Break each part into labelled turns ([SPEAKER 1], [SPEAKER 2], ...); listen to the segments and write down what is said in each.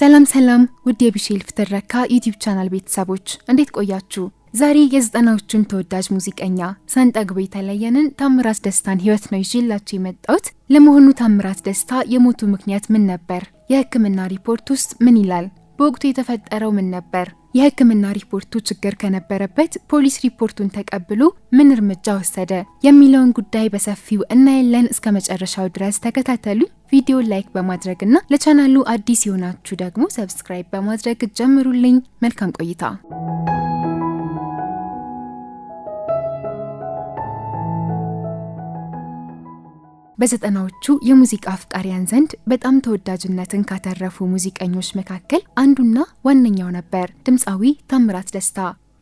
[SPEAKER 1] ሰላም ሰላም ውድ የቢሼል ፍትረካ ዩቲዩብ ቻናል ቤተሰቦች እንዴት ቆያችሁ? ዛሬ የዘጠናዎቹን ተወዳጅ ሙዚቀኛ ሳንጠግቦ የተለየንን ታምራት ደስታን ህይወት ነው ይዤላችሁ የመጣሁት። ለመሆኑ ታምራት ደስታ የሞቱ ምክንያት ምን ነበር? የህክምና ሪፖርት ውስጥ ምን ይላል? በወቅቱ የተፈጠረው ምን ነበር? የህክምና ሪፖርቱ ችግር ከነበረበት ፖሊስ ሪፖርቱን ተቀብሎ ምን እርምጃ ወሰደ? የሚለውን ጉዳይ በሰፊው እናያለን። እስከ መጨረሻው ድረስ ተከታተሉ። ቪዲዮ ላይክ በማድረግ እና ለቻናሉ አዲስ የሆናችሁ ደግሞ ሰብስክራይብ በማድረግ ጀምሩልኝ። መልካም ቆይታ በዘጠናዎቹ የሙዚቃ አፍቃሪያን ዘንድ በጣም ተወዳጅነትን ካተረፉ ሙዚቀኞች መካከል አንዱና ዋነኛው ነበር ድምፃዊ ታምራት ደስታ።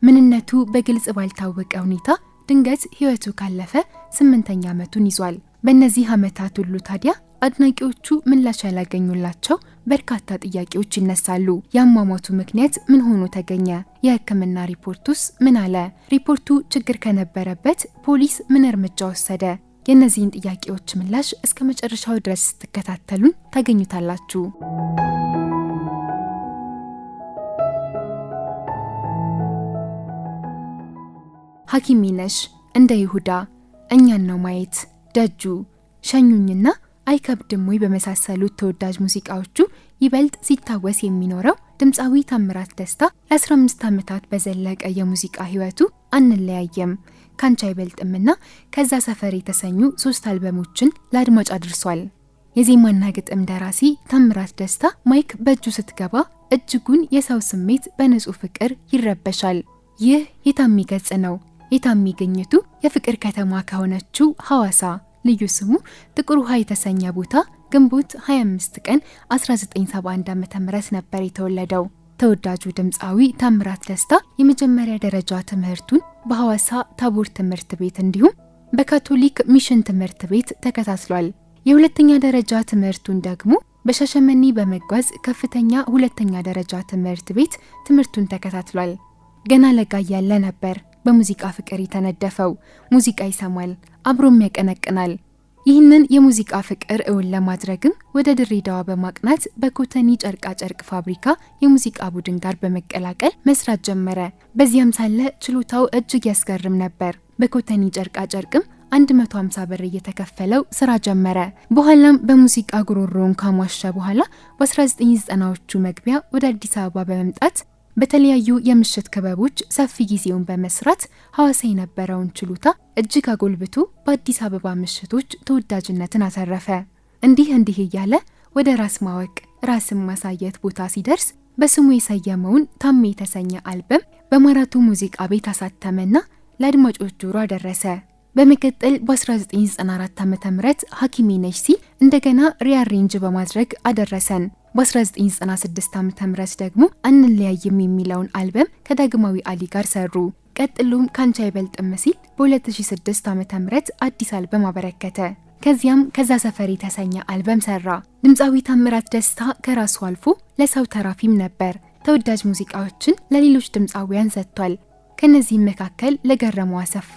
[SPEAKER 1] ምንነቱ በግልጽ ባልታወቀ ሁኔታ ድንገት ሕይወቱ ካለፈ ስምንተኛ ዓመቱን ይዟል። በእነዚህ ዓመታት ሁሉ ታዲያ አድናቂዎቹ ምላሽ ያላገኙላቸው በርካታ ጥያቄዎች ይነሳሉ። የአሟሟቱ ምክንያት ምን ሆኖ ተገኘ? የሕክምና ሪፖርቱስ ምን አለ? ሪፖርቱ ችግር ከነበረበት ፖሊስ ምን እርምጃ ወሰደ? የእነዚህን ጥያቄዎች ምላሽ እስከ መጨረሻው ድረስ ስትከታተሉን ታገኙታላችሁ። ሐኪሚነሽ እንደ ይሁዳ እኛን ነው ማየት፣ ደጁ፣ ሸኙኝና አይከብድም ወይ በመሳሰሉት ተወዳጅ ሙዚቃዎቹ ይበልጥ ሲታወስ የሚኖረው ድምፃዊ ታምራት ደስታ ለ15 ዓመታት በዘለቀ የሙዚቃ ህይወቱ አንለያየም ካንቺ አይበልጥምና ከዛ ሰፈር የተሰኙ ሶስት አልበሞችን ለአድማጭ አድርሷል። የዜማና ግጥም ደራሲ ታምራት ደስታ ማይክ በእጁ ስትገባ እጅጉን የሰው ስሜት በንጹህ ፍቅር ይረበሻል። ይህ የታሚ ገጽ ነው። የታሚ ግኝቱ የፍቅር ከተማ ከሆነችው ሐዋሳ ልዩ ስሙ ጥቁር ውሃ የተሰኘ ቦታ ግንቦት 25 ቀን 1971 ዓ.ም ነበር የተወለደው። ተወዳጁ ድምፃዊ ታምራት ደስታ የመጀመሪያ ደረጃ ትምህርቱን በሐዋሳ ታቦር ትምህርት ቤት እንዲሁም በካቶሊክ ሚሽን ትምህርት ቤት ተከታትሏል። የሁለተኛ ደረጃ ትምህርቱን ደግሞ በሻሸመኔ በመጓዝ ከፍተኛ ሁለተኛ ደረጃ ትምህርት ቤት ትምህርቱን ተከታትሏል። ገና ለጋ እያለ ነበር በሙዚቃ ፍቅር የተነደፈው። ሙዚቃ ይሰማል፣ አብሮም ያቀነቅናል። ይህንን የሙዚቃ ፍቅር እውን ለማድረግም ወደ ድሬዳዋ በማቅናት በኮተኒ ጨርቃ ጨርቅ ፋብሪካ የሙዚቃ ቡድን ጋር በመቀላቀል መስራት ጀመረ። በዚያም ሳለ ችሎታው እጅግ ያስገርም ነበር። በኮተኒ ጨርቃ ጨርቅም 150 ብር እየተከፈለው ስራ ጀመረ። በኋላም በሙዚቃ ጉሮሮውን ካሟሸ በኋላ በ1990ዎቹ መግቢያ ወደ አዲስ አበባ በመምጣት በተለያዩ የምሽት ክበቦች ሰፊ ጊዜውን በመስራት ሐዋሳ የነበረውን ችሎታ እጅግ አጎልብቶ በአዲስ አበባ ምሽቶች ተወዳጅነትን አተረፈ። እንዲህ እንዲህ እያለ ወደ ራስ ማወቅ ራስን ማሳየት ቦታ ሲደርስ በስሙ የሰየመውን ታሜ የተሰኘ አልበም በማራቱ ሙዚቃ ቤት አሳተመና ለአድማጮች ጆሮ አደረሰ። በመቀጠል በ1994 ዓ ም ሐኪሜ ነሽ ሲል እንደገና ሪያሬንጅ በማድረግ አደረሰን። በ1996 ዓ.ም ደግሞ አንለያይም የሚለውን አልበም ከዳግማዊ አሊ ጋር ሰሩ። ቀጥሎም ካንቺ አይበልጥም ሲል በ2006 ዓ.ም አዲስ አልበም አበረከተ። ከዚያም ከዛ ሰፈር የተሰኘ አልበም ሰራ። ድምፃዊ ታምራት ደስታ ከራሱ አልፎ ለሰው ተራፊም ነበር። ተወዳጅ ሙዚቃዎችን ለሌሎች ድምፃውያን ሰጥቷል። ከነዚህም መካከል ለገረመው አሰፋ፣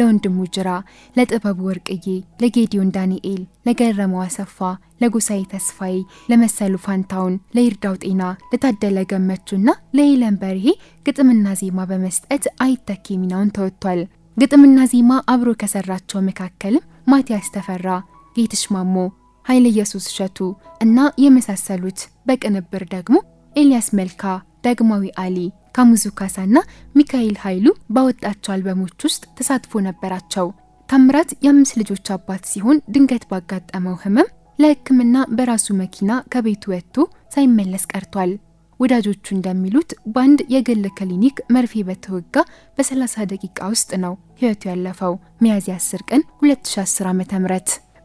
[SPEAKER 1] ለወንድሙ ጅራ፣ ለጥበቡ ወርቅዬ፣ ለጌዲዮን ዳንኤል፣ ለገረመው አሰፋ ለጉሳዬ ተስፋዬ፣ ለመሰሉ ፋንታውን፣ ለይርዳው ጤና፣ ለታደለ ገመቹና ለይለን በርሄ ግጥምና ዜማ በመስጠት አይተኬ ሚናውን ተወጥቷል። ግጥምና ዜማ አብሮ ከሰራቸው መካከልም ማቲያስ ተፈራ፣ ጌትሽ ማሞ፣ ኃይለ ኢየሱስ እሸቱ እና የመሳሰሉት በቅንብር ደግሞ ኤልያስ መልካ፣ ዳግማዊ አሊ ካሙዙ ካሳና ሚካኤል ኃይሉ ባወጣቸው አልበሞች ውስጥ ተሳትፎ ነበራቸው። ታምራት የአምስት ልጆች አባት ሲሆን ድንገት ባጋጠመው ህመም ለሕክምና በራሱ መኪና ከቤቱ ወጥቶ ሳይመለስ ቀርቷል። ወዳጆቹ እንደሚሉት በአንድ የግል ክሊኒክ መርፌ በተወጋ በ30 ደቂቃ ውስጥ ነው ህይወቱ ያለፈው። ሚያዝያ 10 ቀን 2010 ዓ.ም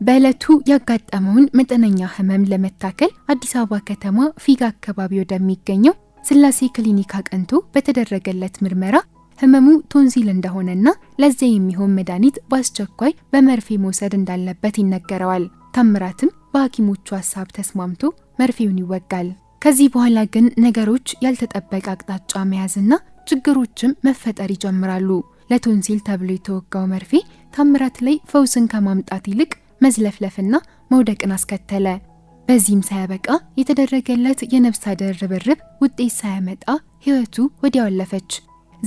[SPEAKER 1] በዕለቱ ያጋጠመውን መጠነኛ ህመም ለመታከል አዲስ አበባ ከተማ ፊጋ አካባቢ ወደሚገኘው ስላሴ ክሊኒክ አቅንቶ በተደረገለት ምርመራ ህመሙ ቶንሲል እንደሆነና ለዚያ የሚሆን መድኃኒት በአስቸኳይ በመርፌ መውሰድ እንዳለበት ይነገረዋል። ታምራትም በሐኪሞቹ ሀሳብ ተስማምቶ መርፌውን ይወጋል። ከዚህ በኋላ ግን ነገሮች ያልተጠበቀ አቅጣጫ መያዝና ችግሮችም መፈጠር ይጀምራሉ። ለቶንሲል ተብሎ የተወጋው መርፌ ታምራት ላይ ፈውስን ከማምጣት ይልቅ መዝለፍለፍና መውደቅን አስከተለ። በዚህም ሳያበቃ የተደረገለት የነፍስ አድን ርብርብ ውጤት ሳያመጣ ሕይወቱ ወዲያው አለፈች።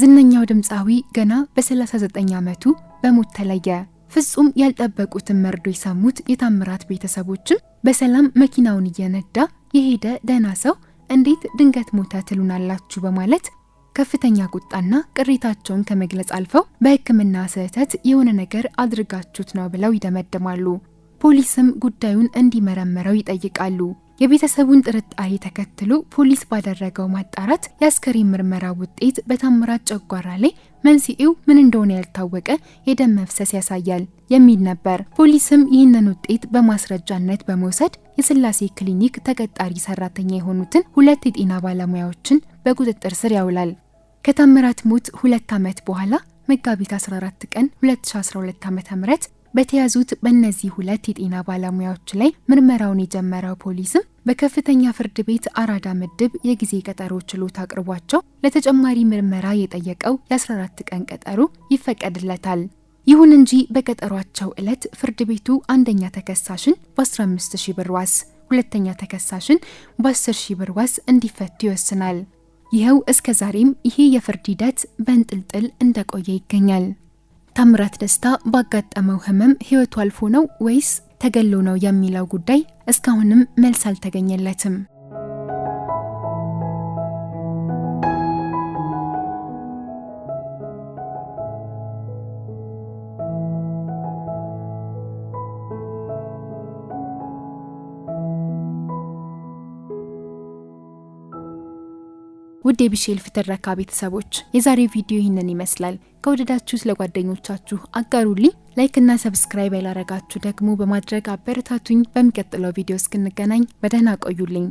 [SPEAKER 1] ዝነኛው ድምፃዊ ገና በ39 ዓመቱ በሞት ተለየ። ፍጹም ያልጠበቁትን መርዶ የሰሙት የታምራት ቤተሰቦችም በሰላም መኪናውን እየነዳ የሄደ ደህና ሰው እንዴት ድንገት ሞተ ትሉናላችሁ በማለት ከፍተኛ ቁጣና ቅሬታቸውን ከመግለጽ አልፈው በሕክምና ስህተት የሆነ ነገር አድርጋችሁት ነው ብለው ይደመድማሉ። ፖሊስም ጉዳዩን እንዲመረምረው ይጠይቃሉ። የቤተሰቡን ጥርጣሬ ተከትሎ ፖሊስ ባደረገው ማጣራት የአስከሬን ምርመራ ውጤት በታምራት ጨጓራ ላይ መንስኤው ምን እንደሆነ ያልታወቀ የደም መፍሰስ ያሳያል የሚል ነበር። ፖሊስም ይህንን ውጤት በማስረጃነት በመውሰድ የስላሴ ክሊኒክ ተቀጣሪ ሰራተኛ የሆኑትን ሁለት የጤና ባለሙያዎችን በቁጥጥር ስር ያውላል። ከታምራት ሞት ሁለት ዓመት በኋላ መጋቢት 14 ቀን 2012 ም በተያዙት በእነዚህ ሁለት የጤና ባለሙያዎች ላይ ምርመራውን የጀመረው ፖሊስም በከፍተኛ ፍርድ ቤት አራዳ ምድብ የጊዜ ቀጠሮ ችሎት አቅርቧቸው ለተጨማሪ ምርመራ የጠየቀው የ14 ቀን ቀጠሮ ይፈቀድለታል። ይሁን እንጂ በቀጠሯቸው ዕለት ፍርድ ቤቱ አንደኛ ተከሳሽን በ15 ሺ ብር ዋስ፣ ሁለተኛ ተከሳሽን በ10 ሺ ብር ዋስ እንዲፈቱ ይወስናል። ይኸው እስከ ዛሬም ይሄ የፍርድ ሂደት በእንጥልጥል እንደቆየ ይገኛል። ታምራት ደስታ ባጋጠመው ህመም ህይወቱ አልፎ ነው ወይስ ተገሎ ነው የሚለው ጉዳይ እስካሁንም መልስ አልተገኘለትም። ውድ የቢሼል ፍትረካ ቤተሰቦች የዛሬው ቪዲዮ ይህንን ይመስላል። ከወደዳችሁ ስለጓደኞቻችሁ አጋሩልኝ። ላይክ እና ሰብስክራይብ ያላረጋችሁ ደግሞ በማድረግ አበረታቱኝ። በሚቀጥለው ቪዲዮ እስክንገናኝ በደህና ቆዩልኝ።